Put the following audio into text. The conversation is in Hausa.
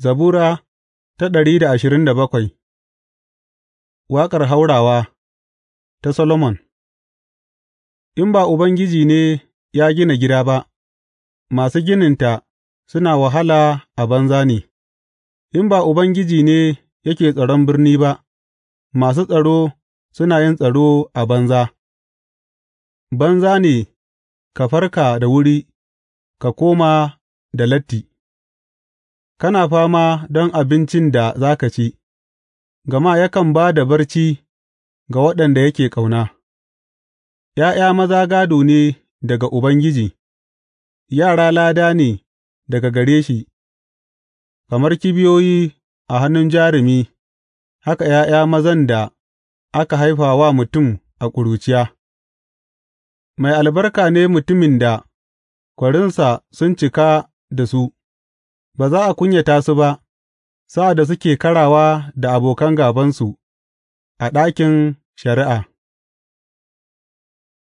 Zabura ta ɗari da ashirin da bakwai Waƙar haurawa ta Solomon In ba Ubangiji ne ya gina gida ba, masu gininta suna wahala a banza ne; in ba Ubangiji ne yake tsaron birni ba, masu tsaro suna yin tsaro a banza; banza ne ka farka da wuri ka koma da latti. kana fama don abincin da za ka ci, gama yakan ba da barci ga waɗanda yake ƙauna; ’ya'ya maza gādo ne daga Ubangiji, yara lada ne daga gare shi, kamar kibiyoyi a hannun jarumi, haka ’ya'ya mazan da aka haifa wa mutum a ƙuruciya. Mai albarka ne mutumin da kwarinsa sun cika da su. Ba za a kunyata su ba sa'ad da suke karawa da abokan gābansu a ɗakin shari'a.